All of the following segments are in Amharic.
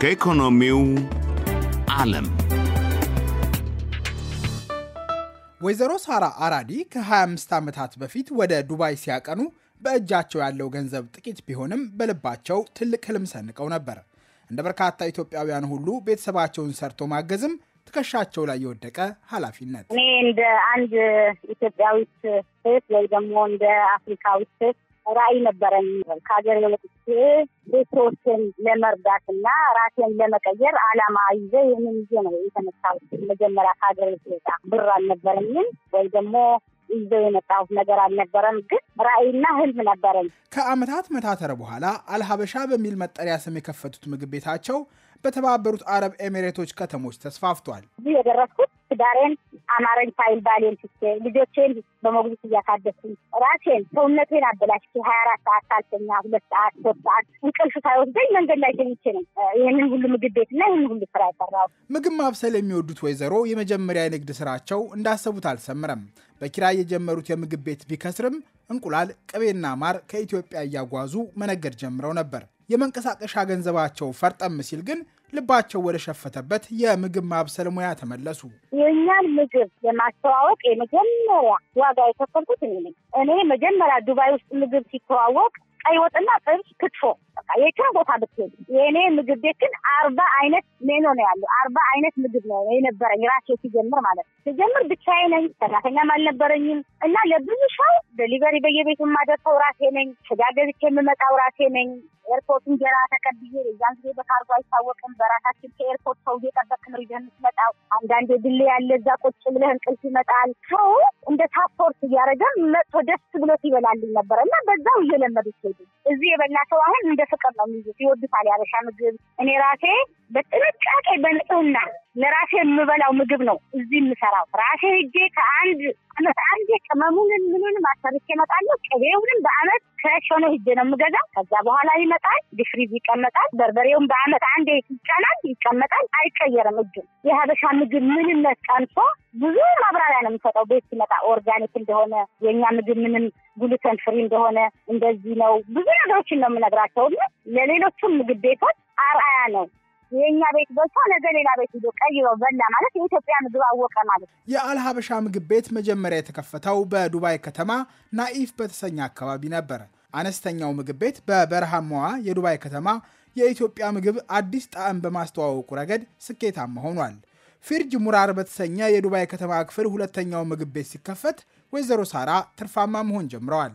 ከኢኮኖሚው ዓለም ወይዘሮ ሳራ አራዲ ከ25 ዓመታት በፊት ወደ ዱባይ ሲያቀኑ በእጃቸው ያለው ገንዘብ ጥቂት ቢሆንም በልባቸው ትልቅ ህልም ሰንቀው ነበር። እንደ በርካታ ኢትዮጵያውያን ሁሉ ቤተሰባቸውን ሰርቶ ማገዝም ትከሻቸው ላይ የወደቀ ኃላፊነት። እኔ እንደ አንድ ኢትዮጵያዊት ሴት ወይ ደግሞ እንደ አፍሪካዊት ሴት ራዕይ ነበረኝ ከሀገር ወጥቼ ቤተሰቦችን ለመርዳት እና ራሴን ለመቀየር አላማ ይዘ ይህንን ይዘ ነው የተነሳሁት። መጀመሪያ ከሀገር ወጣ ብር አልነበረኝም ወይ ደግሞ ይዘው የመጣሁት ነገር አልነበረም፣ ግን ራዕይና ህልም ነበረኝ። ከአመታት መታተር በኋላ አልሀበሻ በሚል መጠሪያ ስም የከፈቱት ምግብ ቤታቸው በተባበሩት አረብ ኤሚሬቶች ከተሞች ተስፋፍቷል። እዚህ የደረስኩት ትዳሬን አማረኝ ሳይል ባሌን ትቼ ልጆቼን በሞግዚት እያሳደስኩኝ ራሴን ሰውነቴን አበላሽቼ ሀያ አራት ሰዓት ሳልተኛ ሁለት ሰዓት ሶስት ሰዓት እንቅልፍ ሳይወስደኝ መንገድ ላይ ተኝቼ ነው ይህንን ሁሉ ምግብ ቤትና ይህን ሁሉ ስራ የሰራው። ምግብ ማብሰል የሚወዱት ወይዘሮ የመጀመሪያ የንግድ ስራቸው እንዳሰቡት አልሰምረም። በኪራይ የጀመሩት የምግብ ቤት ቢከስርም እንቁላል፣ ቅቤና ማር ከኢትዮጵያ እያጓዙ መነገድ ጀምረው ነበር። የመንቀሳቀሻ ገንዘባቸው ፈርጠም ሲል ግን ልባቸው ወደ ሸፈተበት የምግብ ማብሰል ሙያ ተመለሱ። የእኛን ምግብ የማስተዋወቅ የመጀመሪያ ዋጋ የከፈልኩት እኔ ነኝ። እኔ መጀመሪያ ዱባይ ውስጥ ምግብ ሲተዋወቅ ቀይ ወጥና ጥብስ፣ ክትፎ በቃ የትም ቦታ ብትሄድ የእኔ ምግብ ቤት ግን አርባ አይነት ሜኖ ነው ያለው። አርባ አይነት ምግብ ነው የነበረኝ ራሴ ሲጀምር ማለት ነው። ሲጀምር ብቻዬ ነኝ፣ ሰራተኛም አልነበረኝም እና ለብዙ ሰው ደሊቨሪ በየቤቱ የማደርሰው ራሴ ነኝ። ስጋ ገዝቼ የምመጣው ራሴ ነኝ። ኤርፖርት እንጀራ ተቀብዬ የዛን ጊዜ በካርጎ አይታወቅም። በራሳችን ከኤርፖርት ሰው እየጠበቅ ነው ይዘን ምትመጣው። አንዳንዴ ድሌ ያለ እዛ ቁጭ ብለህ እንቅልፍ ይመጣል። ሰው እንደ ሳፖርት እያደረገን መጥቶ ደስ ብሎት ይበላልኝ ነበረ እና በዛው እየለመዱ ሄዱ። እዚህ የበላ ሰው አሁን እንደ ፍቅር ነው የሚይዙት፣ ይወዱታል። ያበሻ ምግብ እኔ ራሴ በጥንቃቄ በንጽህና ለራሴ የምበላው ምግብ ነው እዚህ የምሰራው። ራሴ ሄጄ ከአንድ አመት አንዴ ቅመሙንን ምኑንም አሰርቼ እመጣለሁ። ቅቤውንም በአመት ፍሬሽ ሆነ ሂጄ ነው የምገዛ። ከዛ በኋላ ይመጣል፣ ዲፍሪዝ ይቀመጣል። በርበሬውን በአመት አንዴ ይጫናል፣ ይቀመጣል፣ አይቀየርም። እጁ የሀበሻ ምግብ ምንነት ቀንሶ ብዙ ማብራሪያ ነው የምሰጠው። ቤት ሲመጣ ኦርጋኒክ እንደሆነ የእኛ ምግብ ምንም ጉሉተን ፍሪ እንደሆነ እንደዚህ ነው ብዙ ነገሮችን ነው የምነግራቸው። ለሌሎቹም ምግብ ቤቶች አርአያ ነው። የእኛ ቤት በልቶ ነገ ሌላ ቤት ሂዶ ቀይሮ በላ ማለት የኢትዮጵያ ምግብ አወቀ ማለት ነው። የአልሀበሻ ምግብ ቤት መጀመሪያ የተከፈተው በዱባይ ከተማ ናኢፍ በተሰኘ አካባቢ ነበር። አነስተኛው ምግብ ቤት በበረሃማዋ የዱባይ ከተማ የኢትዮጵያ ምግብ አዲስ ጣዕም በማስተዋወቁ ረገድ ስኬታማ ሆኗል። ፊርጅ ሙራር በተሰኘ የዱባይ ከተማ ክፍል ሁለተኛው ምግብ ቤት ሲከፈት ወይዘሮ ሳራ ትርፋማ መሆን ጀምረዋል።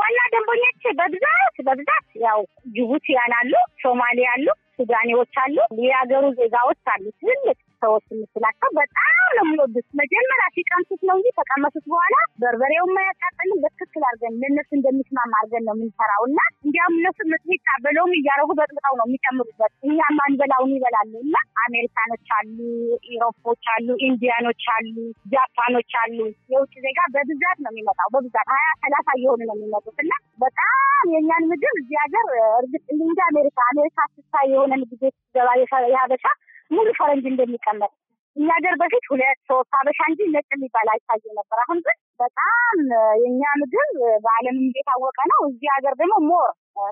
ዋና ደንበኞች በብዛት በብዛት ያው ጅቡቲያን አሉ፣ ሶማሌ አሉ፣ ሱዳኔዎች አሉ፣ የሀገሩ ዜጋዎች አሉ። ትልቅ ሰዎች የምትላቸው በጣም ነው የሚወዱት። መጀመሪያ ሲቀምሱት ነው እንጂ ተቀመሱት በኋላ በርበሬው ማያቃጠልም። በትክክል አድርገን ለእነሱ እንደሚስማማ አድርገን ነው የምንሰራው እና እንዲያውም እነሱ ምጥሚጣ በለውም እያደረጉ በጥብጠው ነው የሚጨምሩበት። እኛ ማንበላውን ይበላሉ እና አሜሪካኖች አሉ፣ ኢሮፖች አሉ፣ ኢንዲያኖች አሉ፣ ጃፓኖች አሉ። የውጭ ዜጋ በብዛት ነው የሚመጣው። በብዛት ሀያ ሰላሳ እየሆኑ ነው የሚመጡት እና በጣም የእኛን ምግብ እዚህ ሀገር እርግጥ እንደ አሜሪካ አሜሪካ የሆነ ጊዜ ገባ የሀበሻ ሙሉ ፈረንጅ እንደሚቀመጥ እኛ ሀገር በፊት ሁለት ሶስት ሀበሻ እንጂ ነጭ የሚባል አይታየ ነበር። አሁን ግን በጣም የእኛ ምግብ በዓለም የታወቀ ነው። እዚህ ሀገር ደግሞ ሞር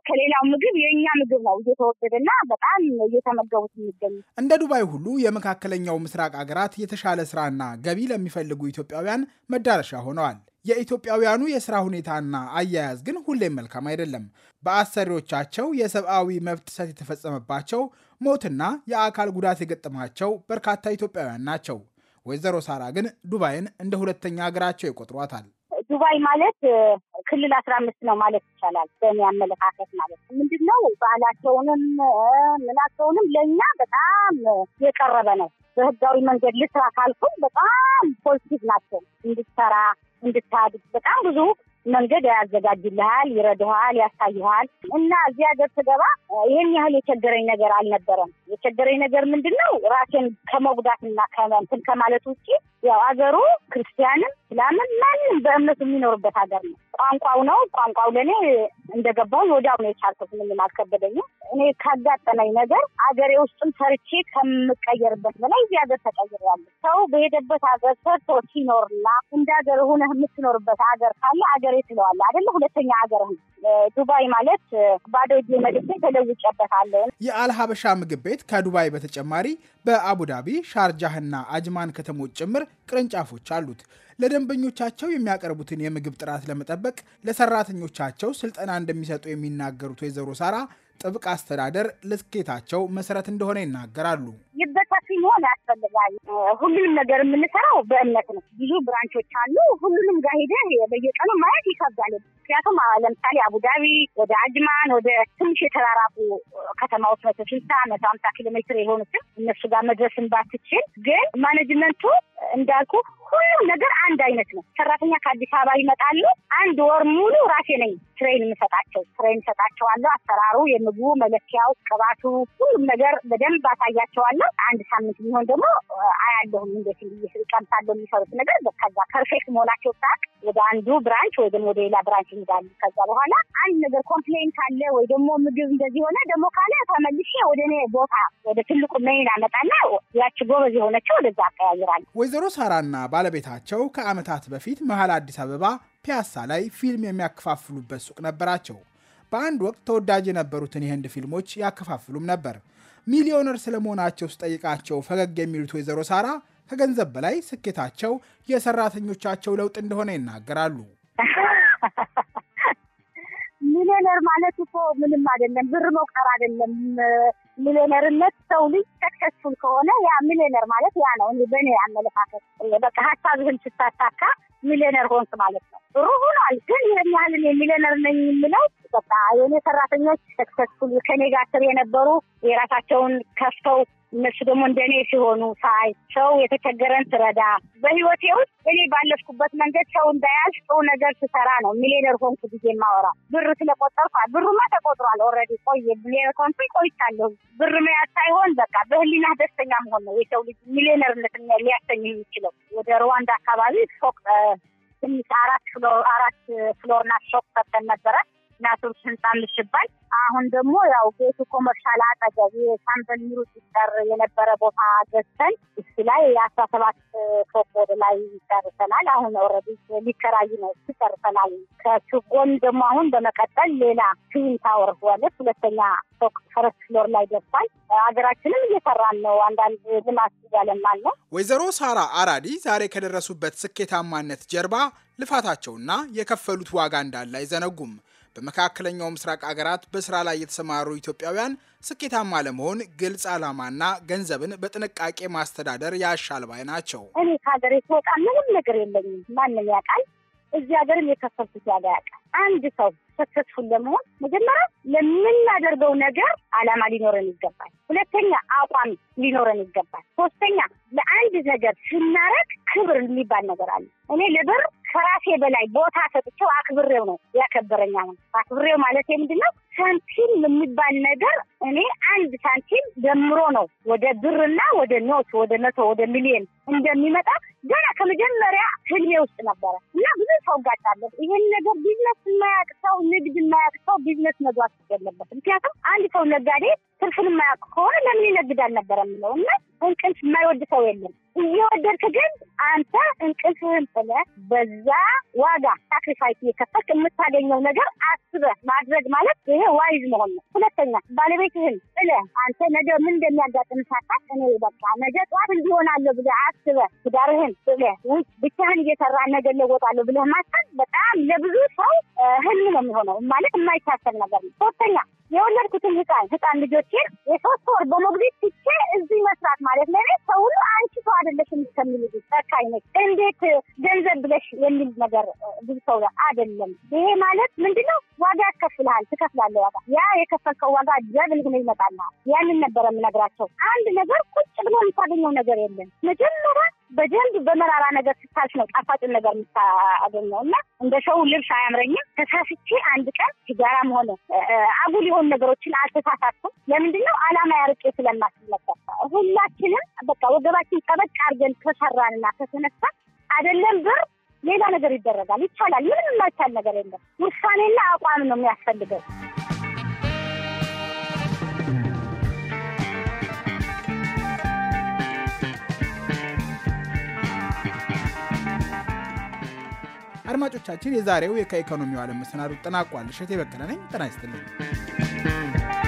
ከሌላው ምግብ የእኛ ምግብ ነው እየተወደደና በጣም እየተመገቡት የሚገኙ። እንደ ዱባይ ሁሉ የመካከለኛው ምስራቅ ሀገራት የተሻለ ስራና ገቢ ለሚፈልጉ ኢትዮጵያውያን መዳረሻ ሆነዋል። የኢትዮጵያውያኑ የስራ ሁኔታና አያያዝ ግን ሁሌም መልካም አይደለም። በአሰሪዎቻቸው የሰብአዊ መብት ጥሰት የተፈጸመባቸው፣ ሞትና የአካል ጉዳት የገጠማቸው በርካታ ኢትዮጵያውያን ናቸው። ወይዘሮ ሳራ ግን ዱባይን እንደ ሁለተኛ ሀገራቸው ይቆጥሯታል። ዱባይ ማለት ክልል አስራ አምስት ነው ማለት ይቻላል። በእኔ አመለካከት ማለት ምንድን ነው ባህላቸውንም ምናቸውንም ለእኛ በጣም የቀረበ ነው። በህጋዊ መንገድ ልስራ ካልኩኝ በጣም ፖዚቲቭ ናቸው። እንድትሰራ እንድታድግ በጣም ብዙ መንገድ ያዘጋጅልሃል፣ ይረድሃል፣ ያሳይሃል እና እዚህ ሀገር ስገባ ይህን ያህል የቸገረኝ ነገር አልነበረም። የቸገረኝ ነገር ምንድን ነው ራሴን ከመጉዳትና ከመንትን ከማለት ውጭ ያው አገሩ ክርስቲያንም ስላምን ማንም በእምነት የሚኖርበት ሀገር ነው። ቋንቋው ነው። ቋንቋው ለእኔ እንደገባው ወዲያው ነው የቻልኩት። ምንም አልከበደኝም። እኔ ካጋጠመኝ ነገር አገሬ ውስጥም ሰርቼ ከምቀየርበት በላይ እዚህ ሀገር ተቀይሬያለሁ። ሰው በሄደበት ሀገር ሰርቶ ሲኖርና እንደ ሀገር ሆነ የምትኖርበት ሀገር ካለ አገሬ ትለዋለ አደለ? ሁለተኛ ሀገር ዱባይ ማለት ባዶ እጄ መድቤ ተለውጬበታለሁ። የአልሀበሻ ምግብ ቤት ከዱባይ በተጨማሪ በአቡዳቢ ሻርጃህና አጅማን ከተሞች ጭምር ቅርንጫፎች አሉት። ለደንበኞቻቸው የሚያቀርቡትን የምግብ ጥራት ለመጠበቅ ለሰራተኞቻቸው ስልጠና እንደሚሰጡ የሚናገሩት ወይዘሮ ሳራ ጥብቅ አስተዳደር ለስኬታቸው መሰረት እንደሆነ ይናገራሉ። ይበታፊ መሆን ያስፈልጋል። ሁሉንም ነገር የምንሰራው በእምነት ነው። ብዙ ብራንቾች አሉ። ሁሉንም ጋር ሄደህ በየቀኑ ማየት ይከብዳል። ምክንያቱም ለምሳሌ አቡዳቢ፣ ወደ አጅማን፣ ወደ ትንሽ የተራራቁ ከተማዎች መቶ ስልሳ መቶ ሀምሳ ኪሎ ሜትር የሆኑትን እነሱ ጋር መድረስን ባትችል ግን ማኔጅመንቱ እንዳልኩ ሁሉም ነገር አንድ አይነት ነው። ሰራተኛ ከአዲስ አበባ ይመጣሉ። አንድ ወር ሙሉ ራሴ ነኝ ትሬን የምሰጣቸው ትሬን ሰጣቸዋለሁ። አሰራሩ፣ የምግቡ መለኪያው፣ ቅባቱ፣ ሁሉም ነገር በደንብ አሳያቸዋለሁ። አንድ ሳምንት የሚሆን ደግሞ አያለሁም እንዴት ቀምሳለሁ የሚሰሩት ነገር። ከዛ ፐርፌክት መሆናቸው ሳቅ ወደ አንዱ ብራንች ወይ ደግሞ ወደ ሌላ ብራንች ይሄዳሉ። ከዛ በኋላ አንድ ነገር ኮምፕሌንት አለ ወይ ደግሞ ምግብ እንደዚህ ሆነ ደግሞ ካለ ተመልሼ ወደ እኔ ቦታ ወደ ትልቁ መይን አመጣና ያች ጎበዝ የሆነችው ወደዛ አቀያይራለሁ። ወይዘሮ ሳራና ባለቤታቸው ከዓመታት በፊት መሀል አዲስ አበባ ፒያሳ ላይ ፊልም የሚያከፋፍሉበት ሱቅ ነበራቸው። በአንድ ወቅት ተወዳጅ የነበሩትን የህንድ ፊልሞች ያከፋፍሉም ነበር። ሚሊዮነር ስለመሆናቸው ስጠይቃቸው ፈገግ የሚሉት ወይዘሮ ሳራ ከገንዘብ በላይ ስኬታቸው የሰራተኞቻቸው ለውጥ እንደሆነ ይናገራሉ። ሚሊዮነር ማለት እኮ ምንም አይደለም፣ ብር መቁጠር አይደለም ሚሊዮነርነት ሰው ልጅ ሰክሰስፉል ከሆነ ያ ሚሊዮነር ማለት ያ ነው። እ በእኔ አመለካከት በቃ ሀሳብህን ስታሳካ ሚሊዮነር ሆንክ ማለት ነው። ጥሩ ሆኗል። ግን ይህን ያህል ሚሊዮነር ነኝ የምለው አስገባ። የእኔ ሰራተኞች ሰክሰስፉል ከኔ ጋር ስር የነበሩ የራሳቸውን ከፍተው እነሱ ደግሞ እንደኔ ሲሆኑ ሳይ ሰው የተቸገረን ስረዳ በህይወቴ ውስጥ እኔ ባለፍኩበት መንገድ ሰው እንዳያዝ ጥሩ ነገር ስሰራ ነው ሚሊዮነር ሆንኩ ጊዜ ማወራ ብር ስለቆጠርኳል። ብሩማ ተቆጥሯል ኦልሬዲ ቆየ። ሚሊዮነር ኮንኩ ቆይቻለሁ። ብር መያዝ ሳይሆን በቃ በህሊና ደስተኛ መሆን ነው የሰው ልጅ ሚሊዮነርነት ሊያሰኝ የሚችለው። ወደ ሩዋንዳ አካባቢ ፎቅ ትንሽ አራት ፍሎር አራት ፍሎርና ሾቅ ሰተን ነበረ እናቶች ህንፃ የምትባል አሁን ደግሞ ያው ቤቱ ኮመርሻል አጠገብ የሳምበል ሚሩ ሲጠር የነበረ ቦታ ገዝተን እሱ ላይ የአስራ ሰባት ፎቅ ወደ ላይ ይጨርሰናል። አሁን ኦልሬዲ ሊከራይ ነው ይጨርሰናል። ከሱ ጎን ደግሞ አሁን በመቀጠል ሌላ ትዊን ታወር ዋለት ሁለተኛ ፎቅ ፈረስ ፍሎር ላይ ደርሷል። ሀገራችንም እየሰራን ነው። አንዳንድ ልማት እያለማን ነው። ወይዘሮ ሳራ አራዲ ዛሬ ከደረሱበት ስኬታማነት ጀርባ ልፋታቸውና የከፈሉት ዋጋ እንዳለ አይዘነጉም። በመካከለኛው ምስራቅ አገራት በስራ ላይ የተሰማሩ ኢትዮጵያውያን ስኬታማ ለመሆን ግልጽ ዓላማና ገንዘብን በጥንቃቄ ማስተዳደር ያሻል ባይ ናቸው። እኔ ከሀገሬ ስወጣ ምንም ነገር የለኝም፣ ማንም ያውቃል። እዚህ ሀገርም የከፈልኩት ዋጋ ያውቃል። አንድ ሰው ሰክሰስፉል ለመሆን መጀመሪያ ለምናደርገው ነገር አላማ ሊኖረን ይገባል። ሁለተኛ አቋም ሊኖረን ይገባል። ሶስተኛ ለአንድ ነገር ስናረግ ክብር የሚባል ነገር አለ። እኔ ለብር ከራሴ በላይ ቦታ ሰጥቼው አክብሬው ነው ያከበረኝ። አሁን አክብሬው ማለት ምንድን ነው? ሳንቲም የሚባል ነገር እኔ አንድ ሳንቲም ደምሮ ነው ወደ ብርና ወደ ኖት ወደ መቶ ወደ ሚሊዮን እንደሚመጣ ገና ከመጀመሪያ ህልሜ ውስጥ ነበረ እና ብዙ ሰው ጋጫለሁ። ይህን ነገር ቢዝነስ የማያውቅ ሰው ንግድ የማያውቅ ሰው ቢዝነስ መግባት ይገለበት። ምክንያቱም አንድ ሰው ነጋዴ ስልክን የማያውቅ ከሆነ ለምን ይነግዳል ነበር የምለው እና እንቅልፍ የማይወድ ሰው የለም። እየወደድክ ግን አንተ እንቅልፍህን ስለ በዛ ዋጋ ሳክሪፋይስ እየከፈልክ የምታገኘው ነገር አስበህ ማድረግ ማለት ይሄ ዋይዝ መሆን ነው። ሁለተኛ ባለቤትህን ስለ አንተ ነገ ምን እንደሚያጋጥም ሳታት እኔ በቃ ነገ ጠዋት እንዲሆናለሁ ብለህ አስበህ ትዳርህን ስለ ውጭ ብቻህን እየሰራ ነገ ለወጣለሁ ብለህ ማሰብ በጣም ለብዙ ሰው ህልም ነው የሚሆነው ማለት የማይታሰብ ነገር ነው። ሶስተኛ የወለድኩትን ህፃን ህፃን ልጆችን የሶስት ወር በሞግዚት ትቼ እዚህ መስራት ማለት ለእኔ ሰው ሁሉ አንቺ ሰው አይደለሽ የምትከሚል ጨካኝ ነች፣ እንዴት ገንዘብ ብለሽ የሚል ነገር ብዙ ሰው አደለም። ይሄ ማለት ምንድነው? ዋጋ ያከፍልሃል፣ ትከፍላለህ ዋጋ። ያ የከፈልከው ዋጋ እግዚአብሔር ሆነ ይመጣልሃል። ያንን ነበረ የምነግራቸው። አንድ ነገር ቁጭ ብሎ የምታገኘው ነገር የለም መጀመሪያ በደንብ በመራራ ነገር ስታልፍ ነው ጣፋጭን ነገር የምታገኘው። እና እንደ ሰው ልብስ አያምረኝም። ተሳስቼ አንድ ቀን ሲጋራም ሆነ አጉል የሆኑ ነገሮችን አልተሳሳትኩም። ለምንድነው አላማ ያርቄ ስለማስብ ነበር። ሁላችንም በቃ ወገባችን ጠበቅ አድርገን ከሰራንና ከተነሳ አይደለም ብር ሌላ ነገር ይደረጋል። ይቻላል። ምንም የማይቻል ነገር የለም። ውሳኔና አቋም ነው የሚያስፈልገው። አድማጮቻችን፣ የዛሬው የከኢኮኖሚው ዓለም መሰናዶ ጠናቋል። እሸቴ በቀለ ነኝ። ጤና ይስጥልኝ።